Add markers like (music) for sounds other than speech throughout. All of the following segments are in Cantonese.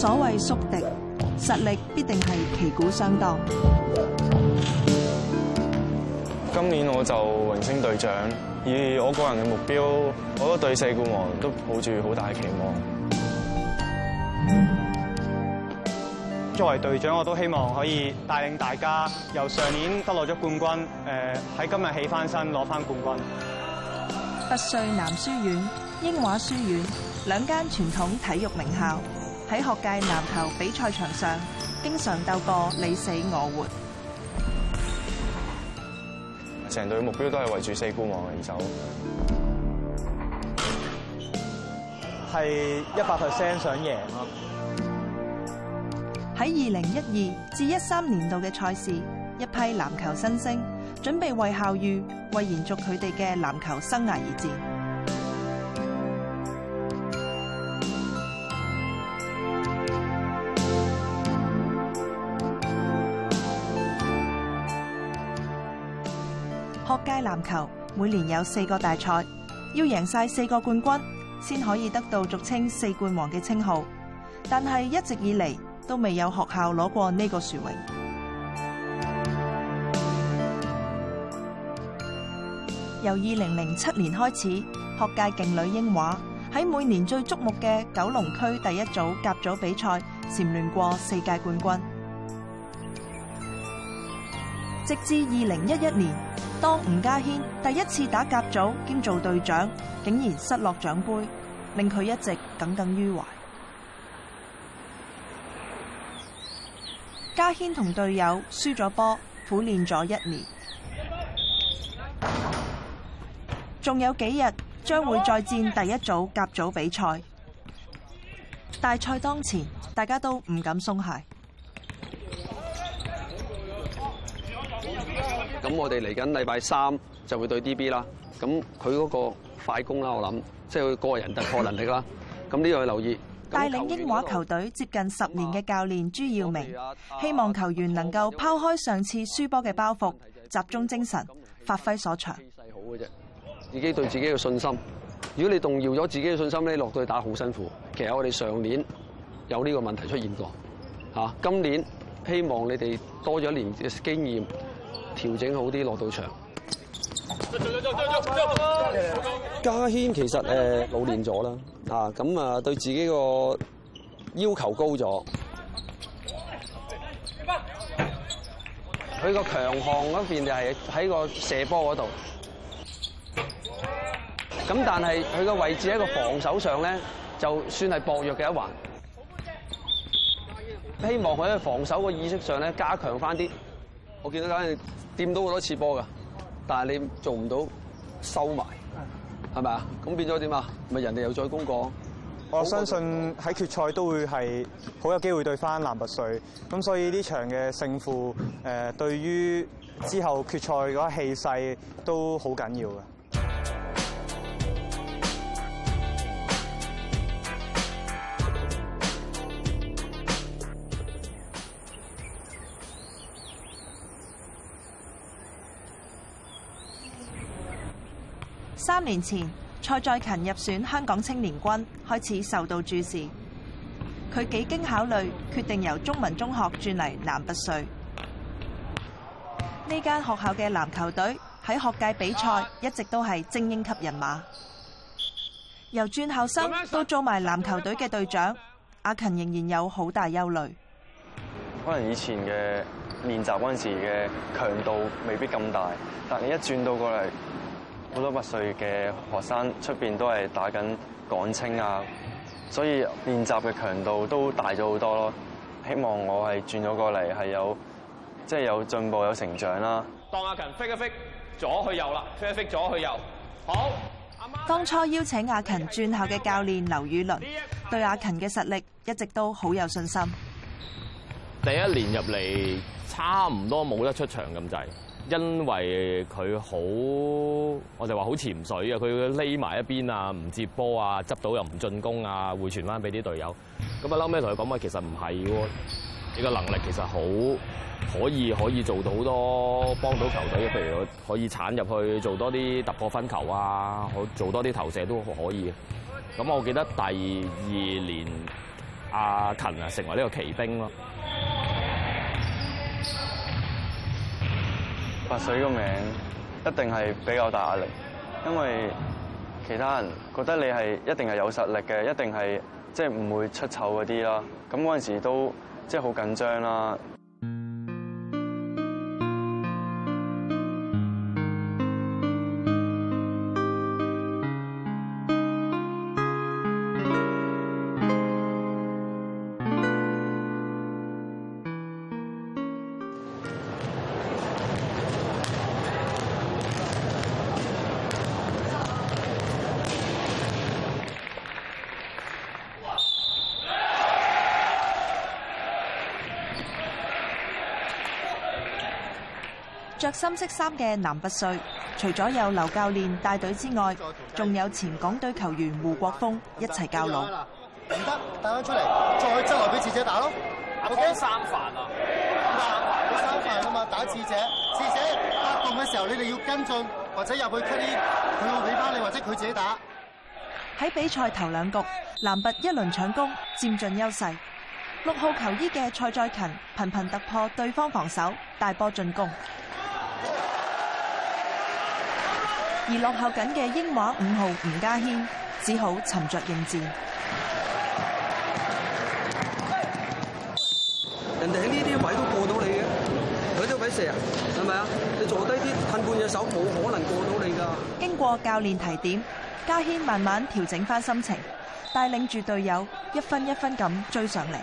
所謂宿敵，實力必定係旗鼓相當。今年我就榮升隊長，以我個人嘅目標，我覺得對四冠王都抱住好大嘅期望。 (music) 作為隊長，我都希望可以帶領大家由上年得落咗冠軍，誒、呃、喺今日起翻身攞翻冠軍。拔萃男書院、英華書院兩間傳統體育名校。喺學界籃球比賽場上，經常鬥個你死我活。成隊目標都係為住四冠王嚟走，係一百 percent 想贏。喺二零一二至一三年度嘅賽事，一批籃球新星準備為校譽、為延續佢哋嘅籃球生涯而戰。學界籃球每年有四個大賽，要贏晒四個冠軍，先可以得到俗稱四冠王嘅稱號。但係一直以嚟都未有學校攞過呢個殊榮。由二零零七年開始，學界勁女英華喺每年最矚目嘅九龍區第一組甲組比賽蟬聯過四屆冠軍。直至二零一一年，當吳嘉軒第一次打甲組兼做隊長，竟然失落獎杯，令佢一直耿耿於懷。嘉軒同隊友輸咗波，苦練咗一年，仲有幾日將會再戰第一組甲組比賽。大賽當前，大家都唔敢鬆懈。咁我哋嚟緊禮拜三就會對 D B 啦。咁佢嗰個快攻啦，我諗，即係佢個人突破能力啦。咁呢個要留意。帶領英華球隊接近十年嘅教練朱耀明，啊，希望球員能夠拋開上次輸波嘅包袱，集中精神，發揮所長。好嘅啫，自己對自己嘅信心。如果你動搖咗自己嘅信心咧，你落到去打好辛苦。其實我哋上年有呢個問題出現過。吓，今年希望你哋多咗一年嘅經驗。調整好啲落到場。嘉軒、oh, 其實誒、oh, 老練咗啦，咁、hey. 啊對自己個要求高咗。佢、oh, 個強項嗰邊就係喺個射波嗰度。咁、oh, 但係佢個位置喺個防守上咧，就算係薄弱嘅一環。Oh, 希望佢喺防守嘅意識上咧加強翻啲。Oh, 我見到嗰陣。掂到好多次波噶，但係你做唔到收埋，係咪啊？咁變咗點啊？咪人哋又再攻過。我相信喺決賽都會係好有機會對翻男拔萃。咁所以呢場嘅勝負誒、呃，對於之後決賽嗰個氣勢都好緊要嘅。三年前，蔡再勤入選香港青年軍，開始受到注視。佢幾經考慮，決定由中文中學轉嚟男拔萃。呢間學校嘅籃球隊喺學界比賽一直都係精英級人馬。由轉校生都做埋籃球隊嘅隊長，阿勤仍然有好大憂慮。可能以前嘅練習嗰陣時嘅強度未必咁大，但係你一轉到過嚟。好多八歲嘅學生出面都係打緊港青啊，所以練習嘅強度都大咗好多咯。希望我係轉咗過嚟係有即係、就是、有進步有成長啦。當阿勤挖一 l 左去右啦飛一 i 左去右。好，當初邀請阿勤轉校嘅教練劉宇倫對阿勤嘅實力一直都好有信心。第一年入嚟差唔多冇得出場咁滯。因為佢好，我就話好潛水啊！佢匿埋一邊啊，唔接波啊，執到又唔進攻啊，回傳翻俾啲隊友。咁啊，嬲咩同佢講話。其實唔係喎，你個能力其實好可以，可以做到好多，幫到球隊。譬如可以鏟入去做多啲突破分球啊，做多啲投射都可以。咁我記得第二年阿勤啊，勤成為呢個奇兵咯。白水個名一定係比較大壓力，因為其他人覺得你係一定係有實力嘅，一定係即係唔會出醜嗰啲啦。咁嗰陣時都即係好緊張啦。着深色衫嘅男拔隊除咗有劉教練帶隊之外，仲有前港隊球員胡國鋒一齊教路。唔得帶翻出嚟，再去周圍俾智者打咯。O K 三犯啊，三犯啊嘛，啊啊啊，打智者。智者發動嘅時候，你哋要跟進或者入去佢要俾翻你，或者佢自己打。喺比賽頭兩局，男拔一輪搶攻佔盡優勢，六號球衣嘅蔡再勤頻頻突破對方防守，大波進攻。而落後緊嘅英華五號吳嘉軒只好沉着應戰。人哋喺呢啲位都過到你嘅，佢都畀射，係咪啊？你坐低啲，褪半隻手，冇可能過到你噶。經過教練提點，嘉軒慢慢調整翻心情，帶領住隊友一分一分咁追上嚟。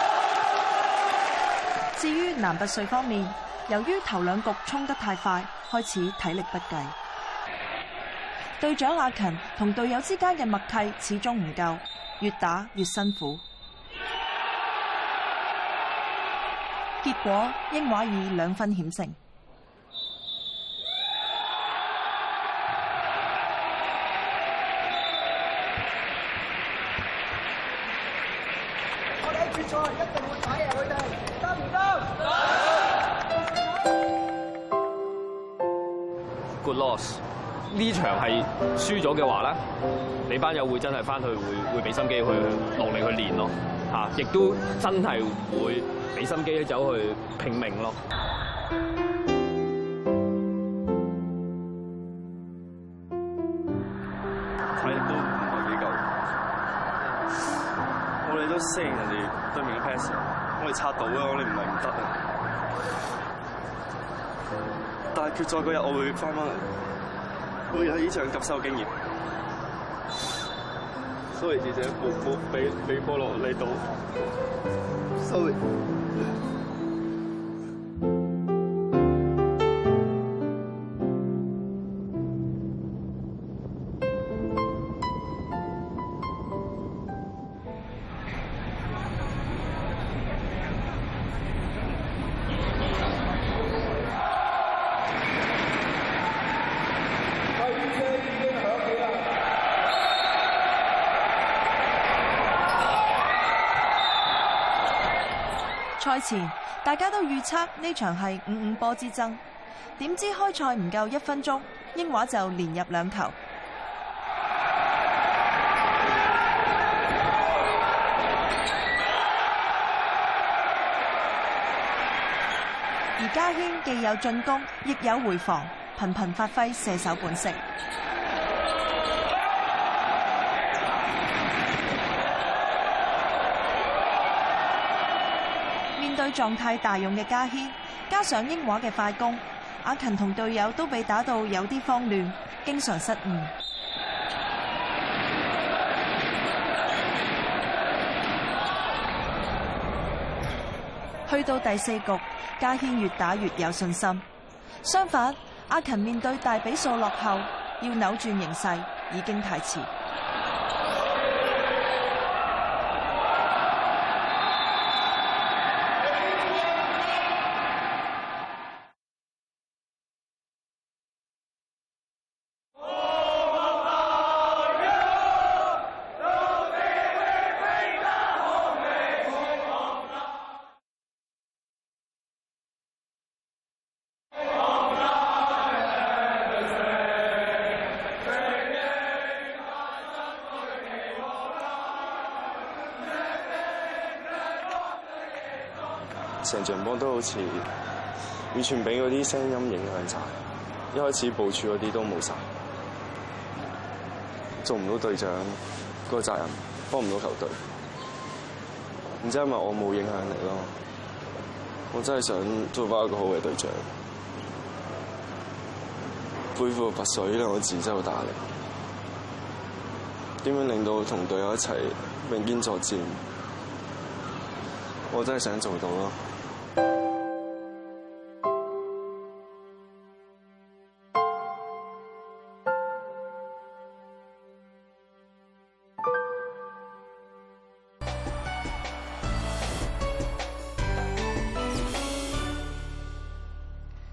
(laughs) 至於男拔萃方面，由於頭兩局衝得太快。開始體力不繼，隊長阿勤同隊友之間嘅默契始終唔夠，越打越辛苦，結果英華以兩分險勝。呢場係輸咗嘅話咧，你班友會真係翻去會會俾心機去落力去練咯，嚇、啊！亦都真係會俾心機走去拼命咯。睇都唔係幾夠，我哋都識人哋對面嘅 pass，我哋拆到啊！我哋唔係唔得啊！但係決賽嗰日，我會翻返嚟。我喺呢場吸收經驗。sorry，姐姐，冇冇俾俾波羅嚟到。sorry。賽前大家都預測呢場係五五波之爭，點知開賽唔夠一分鐘，英華就連入兩球。而嘉軒既有進攻，亦有回防，頻頻發揮射手本色。狀態大用嘅嘉軒，加上英華嘅快攻，阿勤同隊友都被打到有啲慌亂，經常失誤。去到第四局，嘉軒越打越有信心，相反，阿勤面對大比數落後，要扭轉形勢已經太遲。場場波都好似完全俾嗰啲聲音影響晒，一開始部署嗰啲都冇晒。做唔到隊長，個責任，幫唔到球隊。然之後因為我冇影響力咯，我真係想做翻一個好嘅隊長，背負白水兩個字啦，我自修打力，點樣令到同隊友一齊並肩作戰，我真係想做到咯。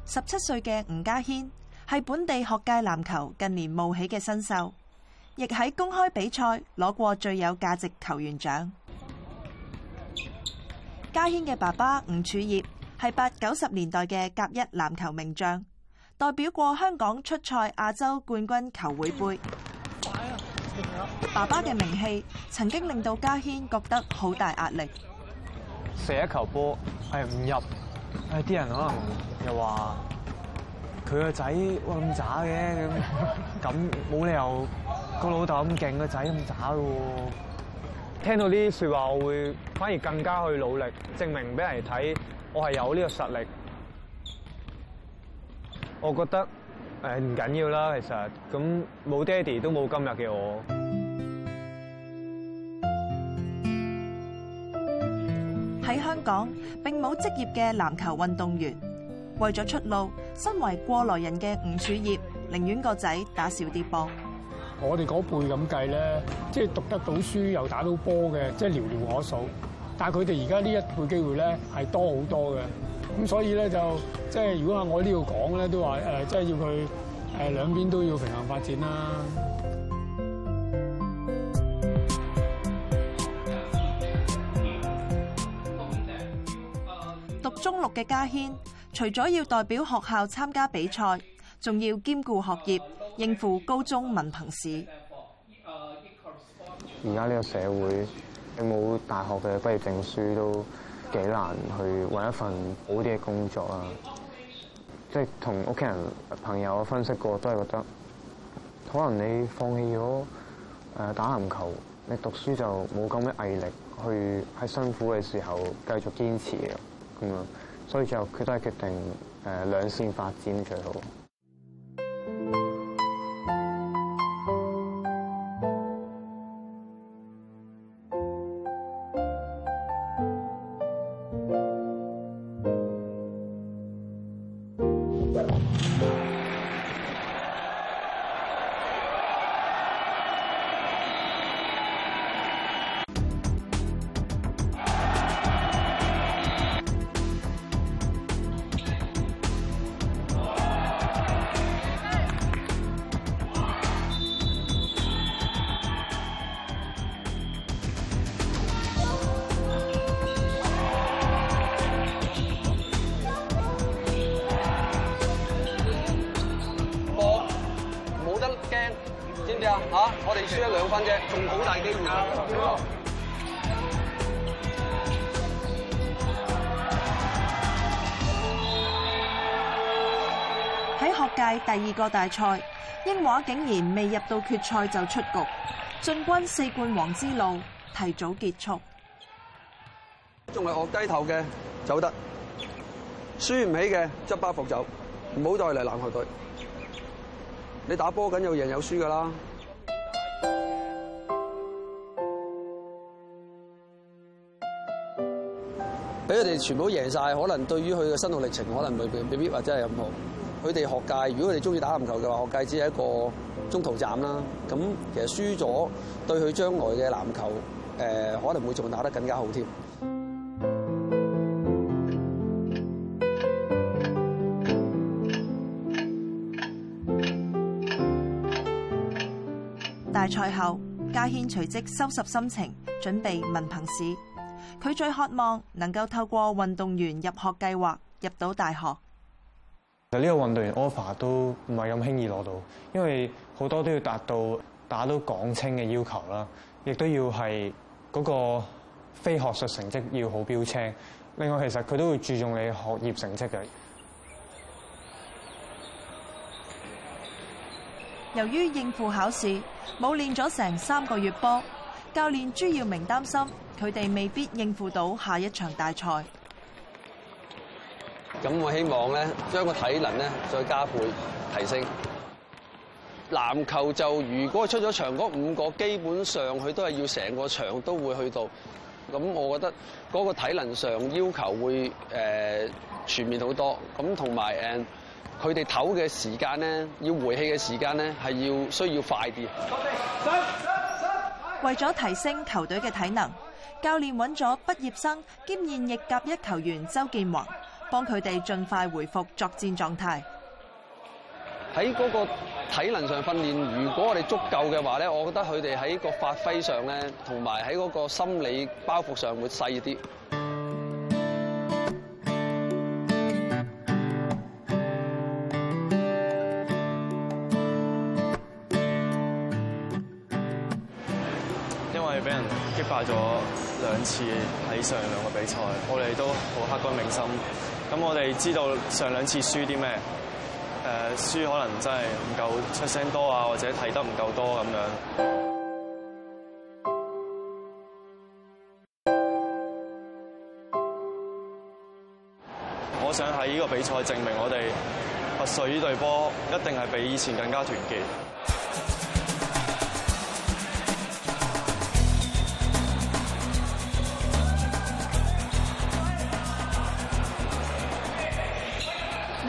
十七歲嘅吳嘉軒係本地學界籃球近年冒起嘅新秀，亦喺公開比賽攞過最有價值球員獎。嘉軒嘅爸爸吳柱業係八九十年代嘅甲一籃球名將，代表過香港出賽亞洲冠軍球會盃。爸爸嘅名氣曾經令到嘉軒覺得好大壓力。射一球波係唔入，誒，啲人可能又話佢個仔哇咁渣嘅，咁，咁冇理由個老豆咁勁，個仔咁渣咯。聽到呢啲說話，我會反而更加去努力，證明俾人睇我係有呢個實力。我覺得誒唔緊要啦，其實咁冇爹哋都冇今日嘅我。喺香港並冇職業嘅籃球運動員，為咗出路，身為過來人嘅吳柱業，寧願個仔打少啲波。我哋嗰輩咁計咧，即係讀得到書又打到波嘅，即係寥寥可數。但係佢哋而家呢一輩機會咧係多好多嘅，咁所以咧就即係如果喺我呢度講咧，都話誒，即係要佢誒兩邊都要平衡發展啦。讀中六嘅嘉軒，除咗要代表學校參加比賽，仲要兼顧學業。應付高中文憑試。而家呢個社會，你冇大學嘅畢業證書都幾難去搵一份好啲嘅工作啊。即係同屋企人、朋友分析過，都係覺得可能你放棄咗誒打籃球，你讀書就冇咁嘅毅力去喺辛苦嘅時候繼續堅持咁樣。所以就佢都係決定誒兩線發展最好。喺學界第二個大賽，英華竟然未入到決賽就出局，進軍四冠王之路提早結束。仲係學低頭嘅走得，輸唔起嘅執包袱走，唔好再嚟籃球隊。你打波緊有贏有輸㗎啦。佢哋全部都贏晒，可能對於佢嘅心路歷程，可能未必或者係咁好。佢哋學界，如果佢哋中意打籃球嘅話，學界只係一個中途站啦。咁其實輸咗對佢將來嘅籃球，誒可能會仲打得更加好添。大賽後，嘉軒隨即收拾心情，準備文憑試。佢最渴望能夠透過運動員入學計劃入到大學。其實呢個運動員 offer 都唔係咁輕易攞到，因為好多都要達到打到港青嘅要求啦，亦都要係嗰個非學術成績要好標青。另外，其實佢都會注重你學業成績嘅。由於應付考試，冇練咗成三個月波。教練朱耀明擔心佢哋未必應付到下一場大賽。咁我希望咧，將個體能咧再加倍提升。籃球就如果出咗場嗰五個，基本上佢都係要成個場都會去到。咁我覺得嗰個體能上要求會誒、呃、全面好多。咁同埋誒，佢哋唞嘅時間咧，要回氣嘅時間咧，係要需要快啲。為咗提升球隊嘅體能，教練揾咗畢業生兼現役甲一球員周建宏，幫佢哋盡快回復作戰狀態。喺嗰個體能上訓練，如果我哋足夠嘅話咧，我覺得佢哋喺個發揮上咧，同埋喺嗰個心理包袱上會細啲。兩次喺上兩個比賽，我哋都好刻骨銘心。咁我哋知道上兩次輸啲咩？誒、呃，輸可能真係唔夠出聲多啊，或者睇得唔夠多咁樣。我想喺呢個比賽證明我哋佛水呢隊波一定係比以前更加團結。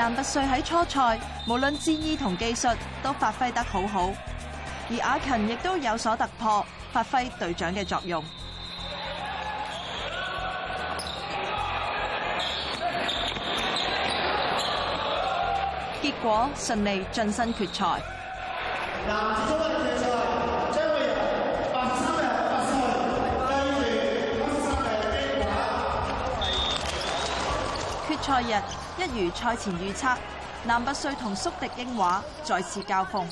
但拔萃喺初賽，無論戰意同技術都發揮得好好，而阿勤亦都有所突破，發揮隊長嘅作用，結果順利晉身決賽。男子決賽日。一如賽前預測，男拔萃同宿敵英華再次交鋒。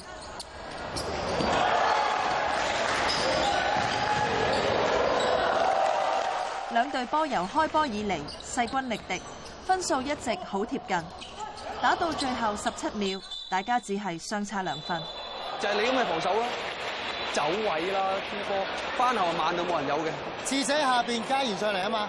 兩隊波由開波以嚟勢均力敵，分數一直好貼近。打到最後十七秒，大家只係相差兩分。就係你咁嘅防守咯，走位啦，推、這、波、個，翻後慢到冇人有嘅。智者下邊加完上嚟啊嘛。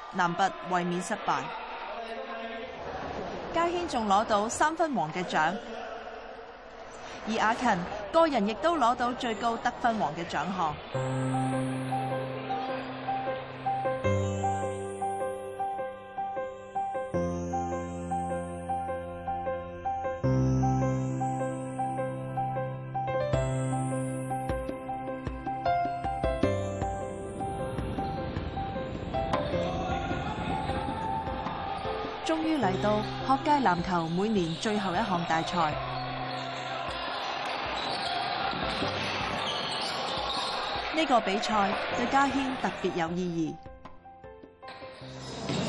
男拔為免失敗，嘉軒仲攞到三分王嘅獎，而阿勤個人亦都攞到最高得分王嘅獎項。終於嚟到學界籃球每年最後一項大賽，呢個比賽對嘉軒特別有意義。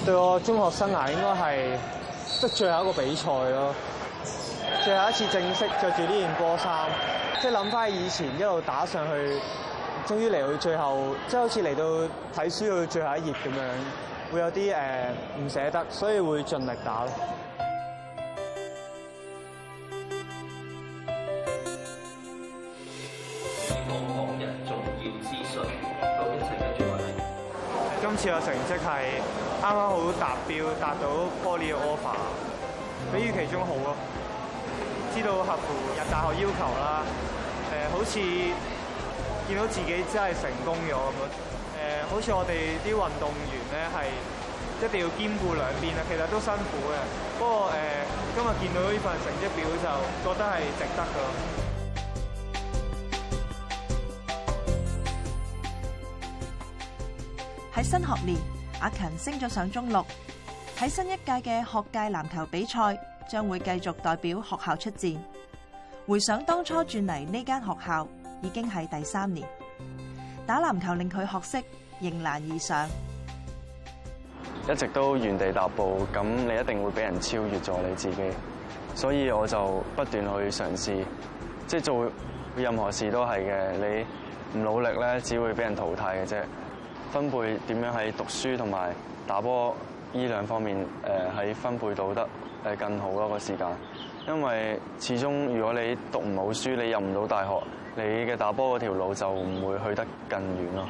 對我中學生涯應該係最後一個比賽咯，最後一次正式着住呢件波衫，即係諗翻以前一路打上去，終於嚟到最後，即係好似嚟到睇書到最後一頁咁樣。會有啲誒唔捨得，所以會盡力打咯。今次嘅成績係啱啱好達標，達到 Poly 嘅 offer，比預期中好咯。知道合乎入大學要求啦，誒好似見到自己真係成功咗咁樣。好似我哋啲運動員咧，係一定要兼顧兩邊啊。其實都辛苦嘅，不過，呃，今日見到呢份成績表就覺得係值得㗎。喺新學年，阿勤升咗上中六，喺新一屆嘅學界籃球比賽將會繼續代表學校出戰。回想當初轉嚟呢間學校已經係第三年，打籃球令佢學識迎難而上，一直都原地踏步，咁你一定會俾人超越咗你自己，所以我就不斷去嘗試，即係做任何事都係嘅，你唔努力咧，只會俾人淘汰嘅啫。分配點樣喺讀書同埋打波呢兩方面誒，喺分配到得誒更好咯個時間，因為始終如果你讀唔好書，你入唔到大學，你嘅打波嗰條路就唔會去得更遠咯。